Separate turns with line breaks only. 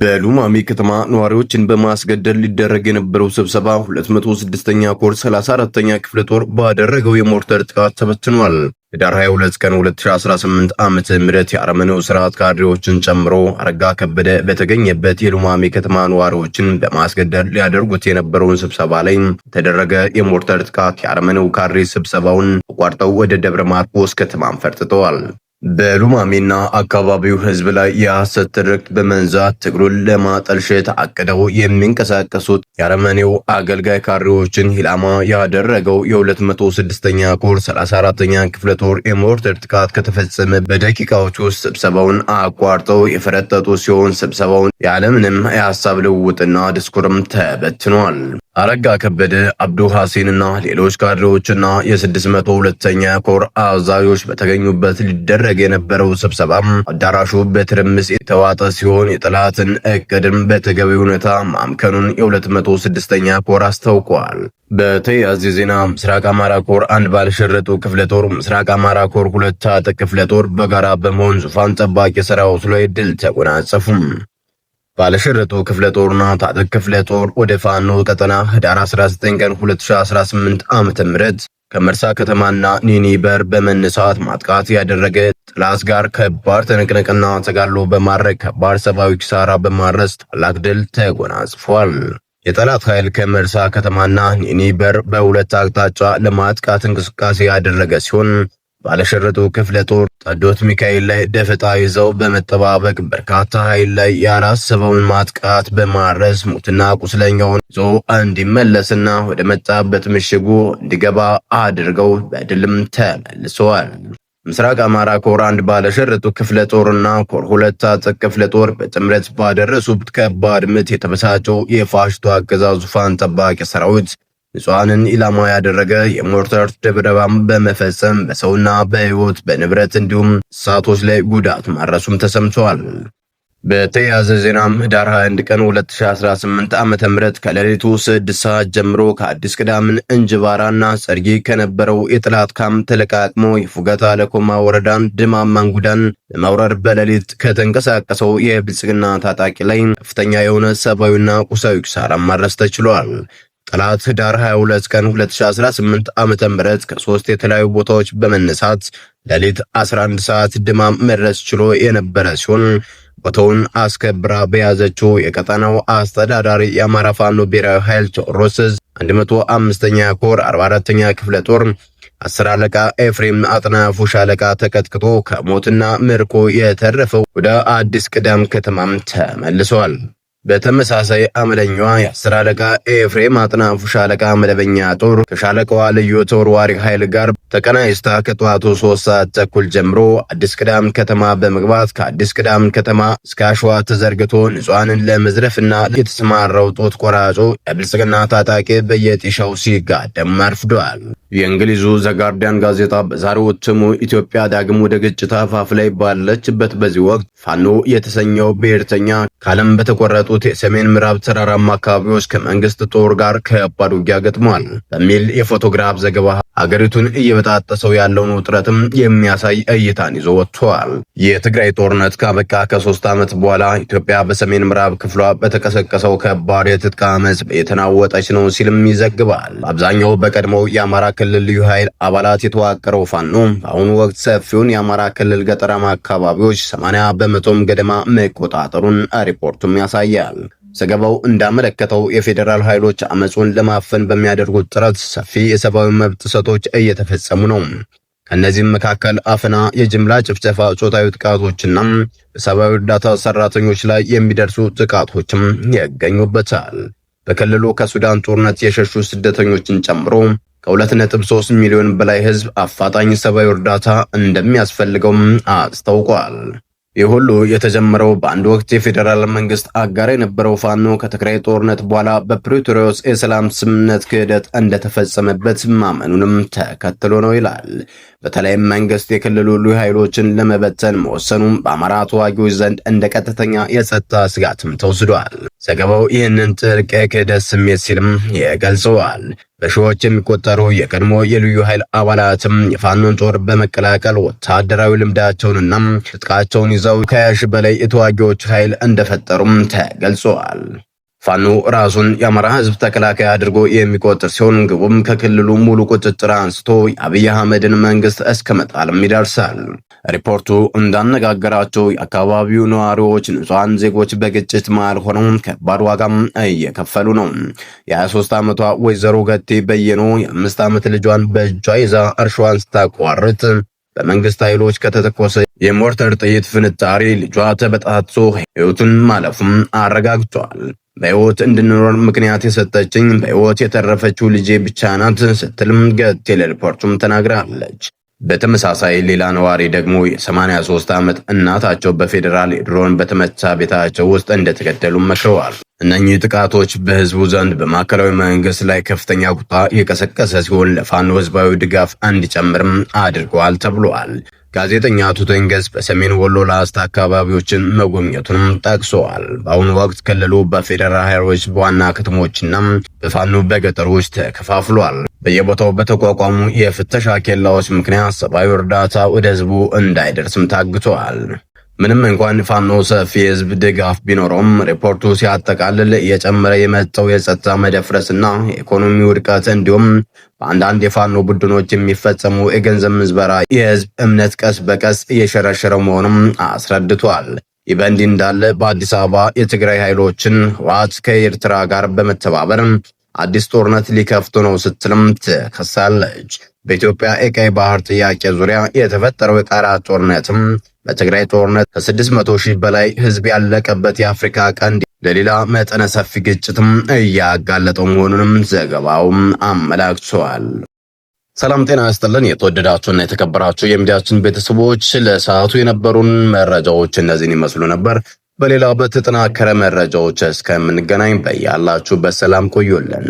በሉማሜ ከተማ ነዋሪዎችን በማስገደል ሊደረግ የነበረው ስብሰባ 206ኛ ኮር 34ኛ ክፍለ ጦር ባደረገው የሞርተር ጥቃት ተበትኗል። ህዳር 22 ቀን 2018 ዓመተ ምህረት የአረመኔው ስርዓት ካድሬዎችን ጨምሮ አረጋ ከበደ በተገኘበት የሉማሜ ከተማ ነዋሪዎችን በማስገደል ሊያደርጉት የነበረውን ስብሰባ ላይ የተደረገ የሞርተር ጥቃት የአረመኔው ካድሬ ስብሰባውን አቋርጠው ወደ ደብረ ማርቆስ ከተማን ፈርጥተዋል። በሉማሜና አካባቢው ህዝብ ላይ የሐሰት ትርክት በመንዛት ትግሉን ለማጠልሸት አቅደው የሚንቀሳቀሱት የአረመኔው አገልጋይ ካሬዎችን ኢላማ ያደረገው የ206ኛ ኮር 34ኛ ክፍለ ጦር የሞርተር ጥቃት ከተፈጸመ በደቂቃዎች ውስጥ ስብሰባውን አቋርጠው የፈረጠጡ ሲሆን ስብሰባውን ያለምንም የሀሳብ ልውውጥና ድስኩርም ተበትኗል። አረጋ ከበደ አብዱ ሐሲንና ሌሎች ካድሬዎችና የ602ኛ ኮር አዛዦች በተገኙበት ሊደረግ የነበረው ስብሰባ አዳራሹ በትርምስ የተዋጠ ሲሆን የጠላትን እቅድም በተገቢ ሁኔታ ማምከኑን የ206ኛ ኮር አስታውቋል። በተያያዘ ዜና ምስራቅ አማራ ኮር አንድ ባልሸረጡ ክፍለ ጦር፣ ምስራቅ አማራ ኮር ሁለት ታጠቅ ክፍለ ጦር በጋራ በመሆን ዙፋን ጠባቂ ሰራዊት ላይ ድል ተጎናጸፉም። ባለሸረጦ ክፍለ ጦርና ታጠቅ ክፍለ ጦር ወደ ፋኖ ቀጠና ህዳር 19 ቀን 2018 ዓ.ም ከመርሳ ከተማና ኒኒበር በመነሳት ማጥቃት ያደረገ ጥላት ጋር ከባድ ትንቅንቅና ተጋድሎ በማድረግ ከባድ ሰብአዊ ኪሳራ በማድረስ ታላቅ ድል ተጎናጽፏል። የጠላት ኃይል ከመርሳ ከተማና ኒኒበር በሁለት አቅጣጫ ለማጥቃት እንቅስቃሴ ያደረገ ሲሆን ባለሸረጡ ክፍለ ጦር ጠዶት ሚካኤል ላይ ደፈጣ ይዘው በመጠባበቅ በርካታ ኃይል ላይ ያላሰበውን ማጥቃት በማድረስ ሙትና ቁስለኛውን ይዞ እንዲመለስና ወደ መጣበት ምሽጉ እንዲገባ አድርገው በድልም ተመልሰዋል። ምስራቅ አማራ ኮር አንድ ባለሸረጡ ክፍለ ጦርና ኮር ሁለት ታጠቅ ክፍለ ጦር በጥምረት ባደረሱት ከባድ ምት የተበሳጨው የፋሽቱ አገዛዙ ዙፋን ጠባቂ ሰራዊት ንጹሐንን ኢላማ ያደረገ የሞርተር ድብደባም በመፈጸም በሰውና በሕይወት በንብረት እንዲሁም እንስሳቶች ላይ ጉዳት ማድረሱም ተሰምተዋል። በተያያዘ ዜናም ህዳር 21 ቀን 2018 ዓ ም ከሌሊቱ ስድስት ሰዓት ጀምሮ ከአዲስ ቅዳምን እንጅባራና ጸርጊ ከነበረው የጥላት ካም ተለቃቅሞ የፉገታ ለኮማ ወረዳን ድማማን ጉዳን ለመውረር በሌሊት ከተንቀሳቀሰው የብልጽግና ታጣቂ ላይ ከፍተኛ የሆነ ሰብአዊና ቁሳዊ ኪሳራ ማድረስ ተችሏል። ጠላት ህዳር 22 ቀን 2018 ዓመተ ምህረት ከሶስት የተለያዩ ቦታዎች በመነሳት ሌሊት 11 ሰዓት ድማም መድረስ ችሎ የነበረ ሲሆን ቦታውን አስከብራ በያዘችው የቀጠናው አስተዳዳሪ የአማራ ፋኖ ብሔራዊ ኃይል ቴዎድሮስ 105ኛ ኮር 44ኛ ክፍለ ጦር አስር አለቃ ኤፍሬም አጥናፉ ሻለቃ ተቀጥቅጦ ከሞትና ምርኮ የተረፈው ወደ አዲስ ቅዳም ከተማም ተመልሰዋል። በተመሳሳይ አምደኛዋ የአስር አለቃ ኤፍሬም አጥናፉ ሻለቃ መደበኛ ጦር ከሻለቃዋ ልዩ ተወርዋሪ ኃይል ጋር ተቀናጅታ ከጠዋቱ ሶስት ሰዓት ተኩል ጀምሮ አዲስ ቅዳም ከተማ በመግባት ከአዲስ ቅዳም ከተማ እስከ አሸዋ ተዘርግቶ ንጹሐንን ለመዝረፍና የተሰማራው ጦት ቆራጮ የብልጽግና ታጣቂ በየጢሻው ሲጋደም አርፍደዋል። የእንግሊዙ ዘጋርዲያን ጋዜጣ በዛሬው እትሙ ኢትዮጵያ ዳግም ወደ ግጭት አፋፍ ላይ ባለችበት በዚህ ወቅት ፋኖ የተሰኘው ብሔርተኛ ከዓለም በተቆረጡት የሰሜን ምዕራብ ተራራማ አካባቢዎች ከመንግስት ጦር ጋር ከባድ ውጊያ ገጥሟል በሚል የፎቶግራፍ ዘገባ ሀገሪቱን እየበ እየተበጣጠሰው ሰው ያለውን ውጥረትም የሚያሳይ እይታን ይዞ ወጥቷል። የትግራይ ጦርነት ካበቃ ከሶስት ዓመት በኋላ ኢትዮጵያ በሰሜን ምዕራብ ክፍሏ በተቀሰቀሰው ከባድ የትጥቅ አመፅ የተናወጠች ነው ሲልም ይዘግባል። አብዛኛው በቀድሞው የአማራ ክልል ልዩ ኃይል አባላት የተዋቀረው ፋኖ በአሁኑ ወቅት ሰፊውን የአማራ ክልል ገጠራማ አካባቢዎች 80 በመቶም ገደማ መቆጣጠሩን ሪፖርቱም ያሳያል። ዘገባው እንዳመለከተው የፌዴራል ኃይሎች አመፁን ለማፈን በሚያደርጉት ጥረት ሰፊ የሰብአዊ መብት ጥሰቶች እየተፈጸሙ ነው። ከእነዚህም መካከል አፈና፣ የጅምላ ጭፍጨፋ፣ ጾታዊ ጥቃቶችና በሰብአዊ እርዳታ ሰራተኞች ላይ የሚደርሱ ጥቃቶችም ይገኙበታል። በክልሉ ከሱዳን ጦርነት የሸሹ ስደተኞችን ጨምሮ ከ2.3 ሚሊዮን በላይ ህዝብ አፋጣኝ ሰብአዊ እርዳታ እንደሚያስፈልገውም አስታውቋል። ይህ ሁሉ የተጀመረው በአንድ ወቅት የፌዴራል መንግስት አጋር የነበረው ፋኖ ከትግራይ ጦርነት በኋላ በፕሪቶሪያስ የሰላም ስምምነት ክህደት እንደተፈጸመበት ማመኑንም ተከትሎ ነው ይላል። በተለይም መንግስት የክልሉ ልዩ ኃይሎችን ለመበተን መወሰኑም በአማራ ተዋጊዎች ዘንድ እንደ ቀጥተኛ የጸጥታ ስጋትም ተወስዷል። ዘገባው ይህንን ጥልቅ የክህደት ስሜት ሲልም ይገልጸዋል። በሺዎች የሚቆጠሩ የቀድሞ የልዩ ኃይል አባላትም የፋኖን ጦር በመቀላቀል ወታደራዊ ልምዳቸውንና ትጥቃቸውን ይዘው ከያሽ በላይ የተዋጊዎች ኃይል እንደፈጠሩም ተገልጿል። ፋኖ ራሱን የአማራ ህዝብ ተከላካይ አድርጎ የሚቆጥር ሲሆን ግቡም ከክልሉ ሙሉ ቁጥጥር አንስቶ አብይ አህመድን መንግስት እስከ መጣልም ይደርሳል። ሪፖርቱ እንዳነጋገራቸው የአካባቢው ነዋሪዎች ንጹሐን ዜጎች በግጭት መሃል ሆነው ከባድ ዋጋም እየከፈሉ ነው። የ23 ዓመቷ ወይዘሮ ገቴ በየኖ የአምስት ዓመት ልጇን በእጇ ይዛ እርሻዋን ስታቋርጥ በመንግስት ኃይሎች ከተተኮሰ የሞርተር ጥይት ፍንጣሪ ልጇ ተበጣትሶ ህይወቱን ማለፉም አረጋግጧል። በሕይወት እንድንኖር ምክንያት የሰጠችኝ በሕይወት የተረፈችው ልጄ ብቻ ናት ስትልም ገቴ ለሪፖርቱም ተናግራለች። በተመሳሳይ ሌላ ነዋሪ ደግሞ የ83 ዓመት እናታቸው በፌዴራል ድሮን በተመታ ቤታቸው ውስጥ እንደተገደሉ መክረዋል። እነኚህ ጥቃቶች በህዝቡ ዘንድ በማዕከላዊ መንግስት ላይ ከፍተኛ ቁጣ የቀሰቀሰ ሲሆን ለፋኖ ህዝባዊ ድጋፍ እንዲጨምርም አድርገዋል ተብሏል። ጋዜጠኛ አቶ ተንገስ በሰሜን ወሎ ላስታ አካባቢዎችን መጎብኘቱንም ጠቅሰዋል። በአሁኑ ወቅት ክልሉ በፌዴራል ኃይሎች በዋና ከተሞችና በፋኖ በገጠሮች ተከፋፍሏል። በየቦታው በተቋቋሙ የፍተሻ ኬላዎች ምክንያት ሰብአዊ እርዳታ ወደ ህዝቡ እንዳይደርስም ታግቷል። ምንም እንኳን ፋኖ ሰፊ የህዝብ ድጋፍ ቢኖረውም ሪፖርቱ ሲያጠቃልል እየጨመረ የመጣው የጸጥታ መደፍረስና የኢኮኖሚ ውድቀት እንዲሁም በአንዳንድ የፋኖ ቡድኖች የሚፈጸሙ የገንዘብ ምዝበራ የህዝብ እምነት ቀስ በቀስ እየሸረሸረ መሆኑም አስረድቷል። ይህ በእንዲህ እንዳለ በአዲስ አበባ የትግራይ ኃይሎችን ህወሓት ከኤርትራ ጋር በመተባበር አዲስ ጦርነት ሊከፍቱ ነው ስትልም ትከሳለች። በኢትዮጵያ የቀይ ባህር ጥያቄ ዙሪያ የተፈጠረው የቃራ ጦርነትም በትግራይ ጦርነት ከ መቶ ሺህ በላይ ህዝብ ያለቀበት የአፍሪካ ቀንድ ለሌላ መጠነ ሰፊ ግጭትም እያጋለጠው መሆኑንም ዘገባውም አመላክቷል። ሰላም ጤና ያስጥልን። የተወደዳችሁና የተከበራችሁ የሚዲያችን ቤተሰቦች ለሰዓቱ የነበሩን መረጃዎች እነዚህን ይመስሉ ነበር። በሌላ በተጠናከረ መረጃዎች እስከምንገናኝ በያላችሁበት ሰላም ቆዩልን።